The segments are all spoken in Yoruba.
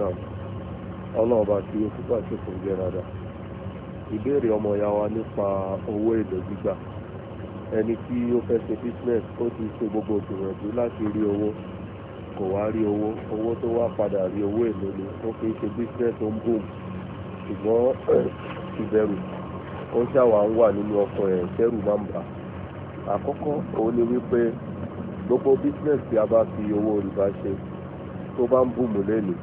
Islam ọlọ́run bá fi òkúpa ṣòfò jẹ́ dáadáa ìbéèrè ọmọ ìyá wa nípa owó èlò gbígbà ẹni tí ó fẹ́ ṣe business ó ti ṣe gbogbo ìgbìyànjú láti rí owó kò wá rí owó owó tó wá padà rí owó èlò ni ó fi ṣe business ó ń boom ṣùgbọ́n ìbẹ̀rù ó ṣàwà ń wà nínú ọkọ̀ ẹ̀ tẹ́rù máa ń bà àkọ́kọ́ òun ni wípé gbogbo business tí a bá fi owó rìbá ṣe tó bá ń boom lẹ́nu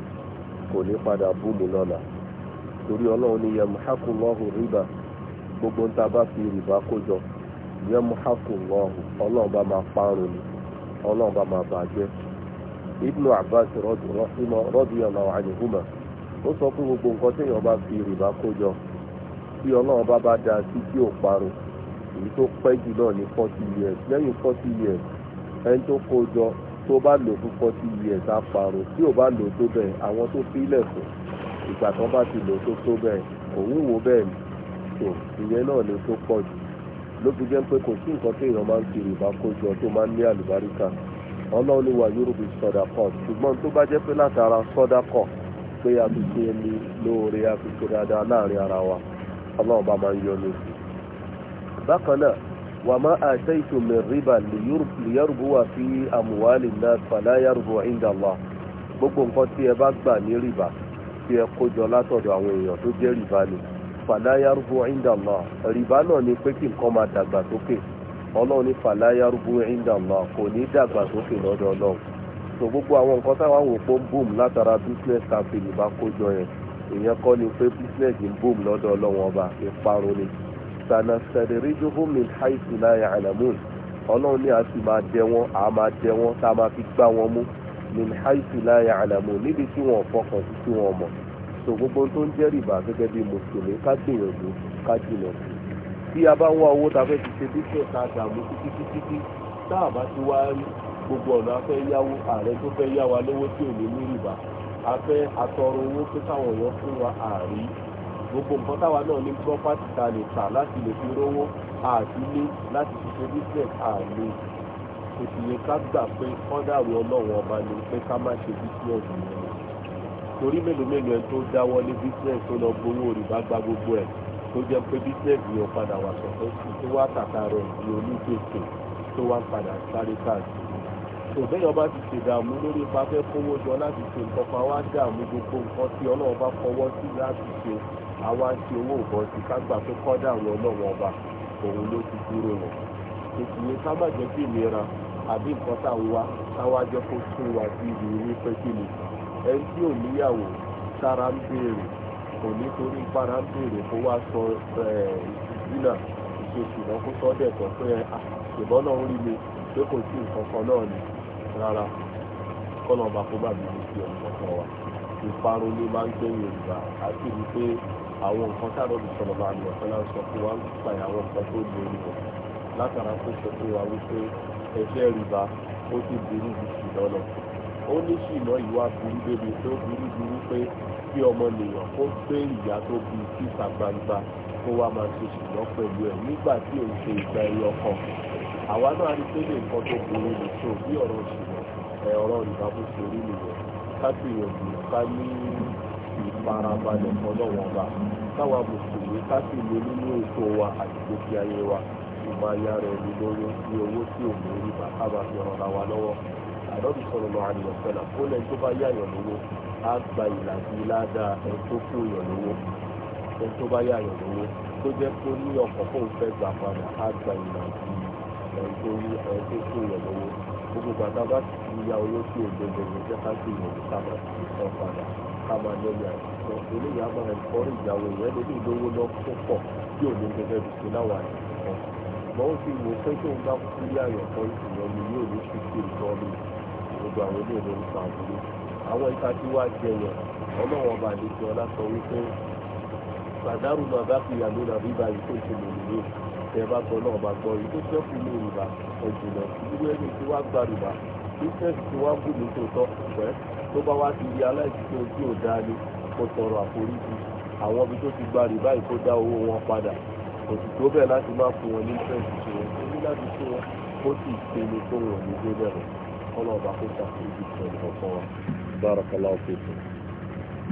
kò ní padà búmu lọ́la torí ọlọ́run ní rìbá gbogbo ń ta bá fi rìbá kójọ ọlọ́run bá máa parun ni ọlọ́run bá máa bàjẹ́ ibnu abbas ó sọ gbogbo nǹkan téèyàn bá fi rìbá kójọ tí ọlọ́run bá bá da sí tí ò parun èyí tó pẹ́ jù náà ní forty years lẹ́yìn forty years ẹni tó tó bá lò fún forty years àparò tí ò bá lò tó bẹ́ẹ̀ àwọn tó fílẹ̀ fún ìgbà kan bá ti lò tó tó bẹ́ẹ̀ òun wò bẹ́ẹ̀ ni tó ìyẹn náà ni tó pọ̀ jù ló jẹ́ pé kò sí nǹkan tí èèyàn máa ń tó máa ń ní àlùbáríkà ọlọ́run ni wà Yorùbá kọ̀ ṣùgbọ́n tó bá jẹ́ pé látara sọ́dà kọ̀ pé a fi ṣe lóore a fi ṣe dáadáa láàrin yọ ní. وما آتيتم من ربا ليربو في أموال الناس فلا يربو عند الله gbogbo nǹkan tí ẹ bá gbà ní rìbá e ẹ kójọ látọ̀dọ̀ àwọn èèyàn tó ni fala yarbu inda Allah ni pé kí dagbasoke. máa dàgbà sókè ọlọ́run inda Allah kò so gbogbo awọn nǹkan boom latara business campaign yẹn ni business boom ọba sanastadrijuhum min haythu la ya'lamun ọlọ́run ní a sì máa dẹ wọn a máa dẹ wọn tá a máa fi gbá wọn mú min haythu la ya'lamun níbi tí wọn fọkàn sí tí wọn mọ̀ so gbogbo tó ń jẹ́ rìbá gẹ́gẹ́ mùsùlùmí ká gbìyànjú ká jìnà sí tí a bá ń wá owó ta fẹ́ fi ṣe bíṣẹ́ ta dààmú títí tá a bá ti wá rí gbogbo ọ̀nà afẹ́ yáwó ààrẹ tó fẹ́ yá wa lówó tí ò ní ní rìbá afẹ́ atọrọ owó pé káwọn èèyàn fún wa àárí gbogbo nǹkan táwa náà ní property ta lè tà láti lè fi rówó àti ilé láti fi ṣe business àlè kò sì yẹ ká gbà pé kọ́dàrú ọlọ́run ọba ni pé ká má ṣe business nìyẹn torí mélòó mélòó ẹ tó dáwọ́ ní business tó lọ gbowó rìbá gba gbogbo ẹ̀ tó jẹ́ pé business yẹn padà wà sọ̀tọ̀ sí tó wá tàkà rẹ̀ di onígbèsè tó wá padà sáré káàkiri tòbẹ́yọ̀ bá ti ṣèdààmú lórí ipa fẹ́ kówó jọ láti ṣe nǹkan pa wá dààmú gbogbo nǹkan tí ọlọ́run bá fọwọ́ sí láti ṣe àwa ti owó nǹkan ti ká gbà pé kọ́dà àwọn ọba òun ló ti dúró wọn ìkìlẹ̀ ká má ìlera àbí nǹkan tá wá kó ẹni tí ò níyàwó sára ń kò ní torí para ń kó wá sọ ìdílà ìṣèṣù sí nǹkan kan náà ni rárá kọ́nà ọba kó bàbí mi sí ọ̀nà wa ìparun ni máa ń àwọn nǹkan tá a lọ́dún sọ̀rọ̀ bá àgbà fẹ́lá sọ fún wa ń pa àwọn nǹkan tó borí wọn látara tó sọ fún wa wípé ẹgbẹ́ rìbá ó ti burú ju ṣìnà lọ ó ní ṣìnà ìwà burú débi tó burú ju wípé kí ọmọnìyàn kó gbé ìyá tó bí síta gbangba kó wá máa ṣe ṣìnà pẹ̀lú ẹ̀ nígbà tí òun ṣe ìgbà ẹyọ kan àwa náà rí pé lè nǹkan tó burú ní tó bí ọ̀rọ̀ ṣìnà ẹ̀ ọ̀rọ̀ rìbá ṣe rí nìyẹn ká sì yànjú farabalẹ̀ fọlọ́wọ́n ọba káwa mùsùlùmí ká sì lè nínú ètò wa àti gbòkè ayé wa ìmọ̀ ayá rẹ̀ ní lórí ní owó tí ò mú rí bàbá bá fi rọra wa lọ́wọ́ àdọ́bí sọ̀rọ̀ lọ àríyàn sẹ́là ó lẹ́ni tó bá yáyàn lówó á gba ìlàjì ládàá ẹni tó fún yàn lówó ẹni tó bá yáyàn lówó tó jẹ́ pé ní ọkọ̀ fóun fẹ́ gbà padà á gba ìlàjì ẹni tó fún yàn lówó gbogbo bàtà bá sì ti ya owó sí òdodo ní jẹ́ká sí ìmọ̀lú sábà ìtàn padà ká máa lẹ́nu àìsàn eléyìí á máa ẹ̀kọ́ ìyàwó ìwé lórí ìlówó lọ tó tí ò gẹ́gẹ́ bí ṣe láwọn àìsàn ṣùgbọ́n ó ti wò pé tó ń bá kú ní àyànfọ́ ìṣìyàn ni yóò ní ṣe sí ìtọ́ mi gbogbo àwọn ilé ìlú nípa àbúrò àwọn ìta tí wàá jẹ yẹn ọlọ́wọ́n ọba àlejò ọlá sọ wípé bàdárù máa bá fi yàmúnà bíbá ìkó ìṣèlú nìyẹn tẹ bá gbọ́ náà bá gbọ́ yìí tó sẹ́kù ní ìrìbà ọ̀jìnà irú ẹni tí wàá gba rìbà bísíǹsì tí wàá gùn ní tòótọ́ pẹ́ tó bá wá ti rí aláìsíkí ojú òdá ni kó tọrọ àforíjì àwọn ibi tó ti gba rìbá yìí kó dá owó wọn padà kò sì tó bẹ́ẹ̀ láti má fún wọn ní bísíǹsì tí wọn kò ní láti fún wọn kó sì pinnu tó wọn ní dé bẹ̀rẹ̀ kọ́nà ọba kó ṣàforíjì tẹ̀lé ọ̀kan wa bárakàlá ọ̀fẹ́